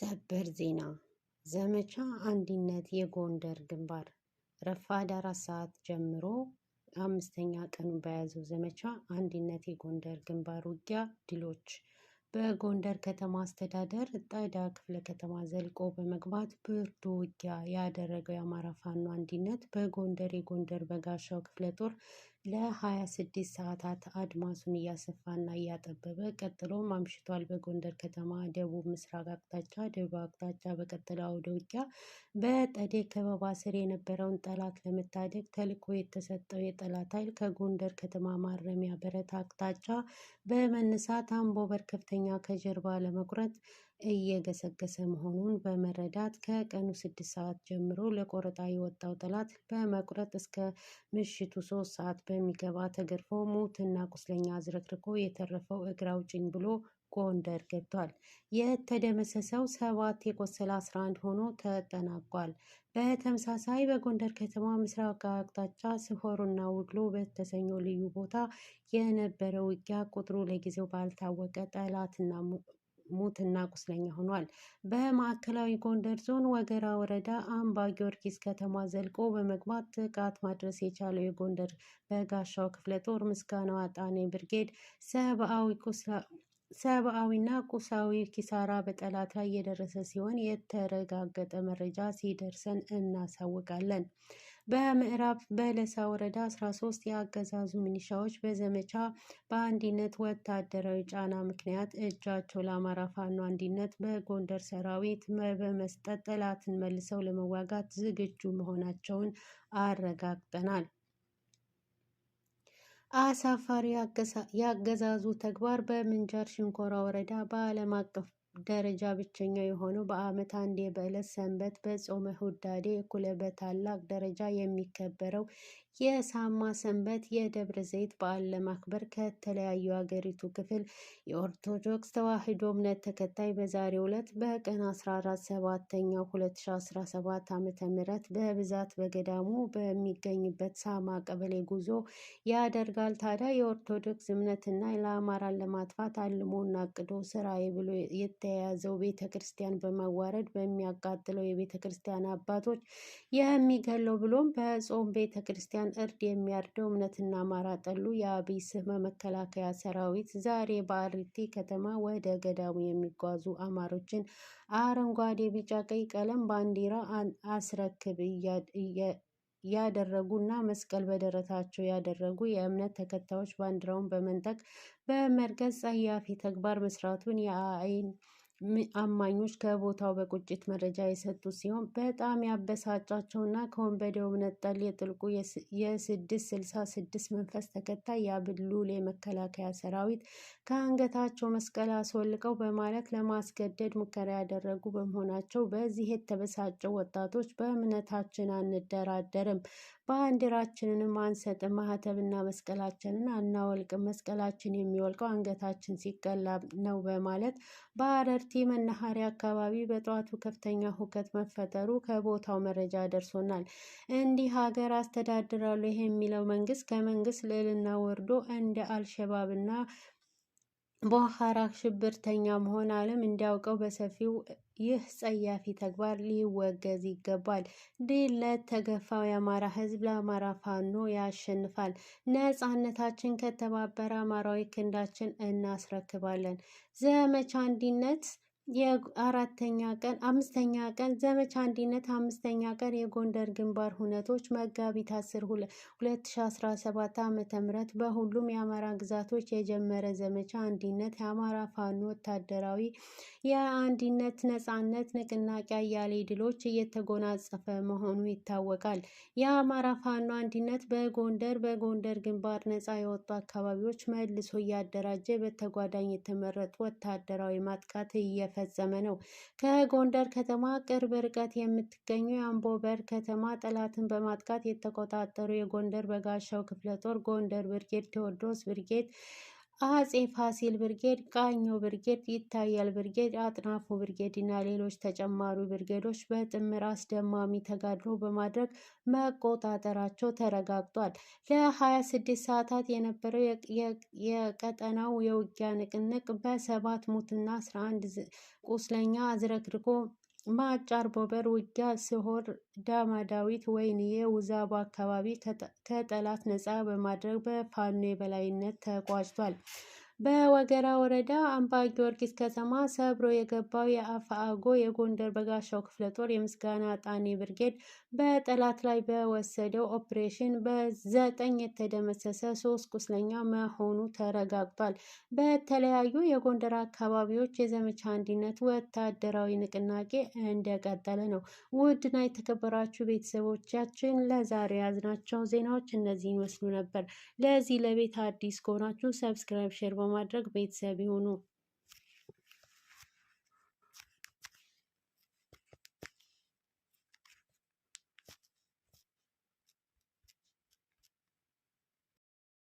ሰበር ዜና ዘመቻ አንድነት የጎንደር ግንባር ረፋድ አራት ሰዓት ጀምሮ አምስተኛ ቀኑን በያዘው ዘመቻ አንድነት የጎንደር ግንባር ውጊያ ድሎች በጎንደር ከተማ አስተዳደር ጠዳ ክፍለ ከተማ ዘልቆ በመግባት ብርቱ ውጊያ ያደረገው የአማራ ፋኖ አንድነት በጎንደር የጎንደር በጋሻው ክፍለ ጦር ለ26 ሰዓታት አድማሱን እያሰፋና እያጠበበ ቀጥሎም አምሽቷል። በጎንደር ከተማ ደቡብ ምስራቅ አቅጣጫ ደቡብ አቅጣጫ በቀጠለው አውደ ውጊያ በጠዴ ከበባ ስር የነበረውን ጠላት ለመታደግ ተልዕኮ የተሰጠው የጠላት ኃይል ከጎንደር ከተማ ማረሚያ በረት አቅጣጫ በመነሳት አምቦበር ከፍተኛ ከጀርባ ለመቁረጥ እየገሰገሰ መሆኑን በመረዳት ከቀኑ ስድስት ሰዓት ጀምሮ ለቆረጣ የወጣው ጠላት በመቁረጥ እስከ ምሽቱ ሶስት ሰዓት በሚገባ ተገርፎ ሙትና ቁስለኛ አዝረክርኮ የተረፈው እግር አውጭኝ ብሎ ጎንደር ገብቷል። የተደመሰሰው ሰባት የቆሰለ 11 ሆኖ ተጠናቋል። በተመሳሳይ በጎንደር ከተማ ምስራቅ አቅጣጫ ስሆሩና ውግሎ በተሰኘው ልዩ ቦታ የነበረ ውጊያ ቁጥሩ ለጊዜው ባልታወቀ ጠላትና ሙትና ቁስለኛ ሆኗል። በማዕከላዊ ጎንደር ዞን ወገራ ወረዳ አምባ ጊዮርጊስ ከተማ ዘልቆ በመግባት ጥቃት ማድረስ የቻለው የጎንደር በጋሻው ክፍለ ጦር ምስጋናው አጣኔ ብርጌድ ሰብአዊና ቁሳዊ ኪሳራ በጠላት ላይ የደረሰ ሲሆን የተረጋገጠ መረጃ ሲደርሰን እናሳውቃለን። በምዕራብ በለሳ ወረዳ 13 የአገዛዙ ሚኒሻዎች በዘመቻ በአንድነት ወታደራዊ ጫና ምክንያት እጃቸው ለአማራ ፋኖ አንድነት በጎንደር ሰራዊት በመስጠት ጠላትን መልሰው ለመዋጋት ዝግጁ መሆናቸውን አረጋግጠናል። አሳፋሪ ያገዛዙ ተግባር በምንጃር ሽንኮራ ወረዳ በዓለም አቀፍ ደረጃ ብቸኛ የሆነው በዓመት አንዴ በዕለት ሰንበት በጾመ ሁዳዴ እኩለ በታላቅ ደረጃ የሚከበረው የሳማ ሰንበት የደብረ ዘይት በዓል ለማክበር ከተለያዩ ሀገሪቱ ክፍል የኦርቶዶክስ ተዋሕዶ እምነት ተከታይ በዛሬው ዕለት በቀን 14 ሰባተኛው 2017 ዓ.ም በብዛት በገዳሙ በሚገኝበት ሳማ ቀበሌ ጉዞ ያደርጋል። ታዲያ የኦርቶዶክስ እምነትና ለአማራን ለማጥፋት አልሞና አቅዶ ስራዬ ብሎ የተያያዘው ቤተ ክርስቲያን በመዋረድ በሚያቃጥለው የቤተ ክርስቲያን አባቶች የሚገለው ብሎም በጾም ቤተ ክርስቲያን ክርስቲያን እርድ የሚያርደው እምነትና ማራ ጠሉ የአብይ ስመ መከላከያ ሰራዊት ዛሬ በአሪቲ ከተማ ወደ ገዳሙ የሚጓዙ አማሮችን አረንጓዴ፣ ቢጫ፣ ቀይ ቀለም ባንዲራ አስረክብ ያደረጉ እና መስቀል በደረታቸው ያደረጉ የእምነት ተከታዮች ባንዲራውን በመንጠቅ በመርገጽ ጸያፊ ተግባር መስራቱን የአይን አማኞች ከቦታው በቁጭት መረጃ የሰጡ ሲሆን በጣም ያበሳጫቸውና ከወንበዴው ነጠል የጥልቁ የስድስት ስልሳ ስድስት መንፈስ ተከታይ የአብሉል የመከላከያ ሰራዊት ከአንገታቸው መስቀል አስወልቀው በማለት ለማስገደድ ሙከራ ያደረጉ በመሆናቸው በዚህ የተበሳጨው ወጣቶች በእምነታችን አንደራደርም፣ ባንዲራችንንም አንሰጥም፣ ማህተብና መስቀላችንን አናወልቅም፣ መስቀላችን የሚወልቀው አንገታችን ሲቀላ ነው በማለት በአረርቲ መናኸሪያ አካባቢ በጠዋቱ ከፍተኛ ሁከት መፈጠሩ ከቦታው መረጃ ደርሶናል። እንዲህ ሀገር አስተዳድራሉ የሚለው መንግስት ከመንግስት ልዕልና ወርዶ እንደ አልሸባብና ቦኻራክ ሽብርተኛ መሆን ዓለም እንዲያውቀው በሰፊው ይህ ጸያፊ ተግባር ሊወገዝ ይገባል። ድል ለተገፋው የአማራ ህዝብ ለአማራ ፋኖ ያሸንፋል። ነጻነታችን ከተባበረ አማራዊ ክንዳችን እናስረክባለን። ዘመቻ አንድነት የአራተኛ ቀን አምስተኛ ቀን ዘመቻ አንድነት አምስተኛ ቀን የጎንደር ግንባር ሁነቶች መጋቢት 10 2017 ዓ ም በሁሉም የአማራ ግዛቶች የጀመረ ዘመቻ አንድነት የአማራ ፋኖ ወታደራዊ የአንድነት ነጻነት ንቅናቄ አያሌ ድሎች እየተጎናጸፈ መሆኑ ይታወቃል። የአማራ ፋኖ አንድነት በጎንደር በጎንደር ግንባር ነጻ የወጡ አካባቢዎች መልሶ እያደራጀ በተጓዳኝ የተመረጡ ወታደራዊ ማጥቃት እየፈ እየተፈጸመ ነው። ከጎንደር ከተማ ቅርብ ርቀት የምትገኘው የአምቦ በር ከተማ ጠላትን በማጥቃት የተቆጣጠሩ የጎንደር በጋሻው ክፍለ ጦር ጎንደር ብርጌድ ቴዎድሮስ ብርጌድ አጼ ፋሲል ብርጌድ፣ ቃኘ ብርጌድ፣ ይታያል ብርጌድ፣ አጥናፉ ብርጌድ እና ሌሎች ተጨማሪ ብርጌዶች በጥምር አስደማሚ ተጋድሎ በማድረግ መቆጣጠራቸው ተረጋግጧል። ለ26 ሰዓታት የነበረው የቀጠናው የውጊያ ንቅንቅ በሰባት ሙትና 11 ቁስለኛ አዝረክርኮ ማጫር ቦበር ውጊያ ሲሆን ዳማ ዳዊት ወይንዬ ውዛቡ አካባቢ ከጠላት ነፃ በማድረግ በፋኖ የበላይነት ተቋጭቷል። በወገራ ወረዳ አምባ ጊዮርጊስ ከተማ ሰብሮ የገባው የአፋአጎ የጎንደር በጋሻው ክፍለ ጦር የምስጋና ጣኔ ብርጌድ በጠላት ላይ በወሰደው ኦፕሬሽን በዘጠኝ የተደመሰሰ ሶስት ቁስለኛ መሆኑ ተረጋግጧል። በተለያዩ የጎንደር አካባቢዎች የዘመቻ አንድነት ወታደራዊ ንቅናቄ እንደቀጠለ ነው። ውድና የተከበራችሁ ቤተሰቦቻችን ለዛሬ ያዝናቸው ዜናዎች እነዚህን ይመስሉ ነበር። ለዚህ ለቤት አዲስ ከሆናችሁ ሰብስክራይብ ሼር በማድረግ ቤተሰብ ይሁኑ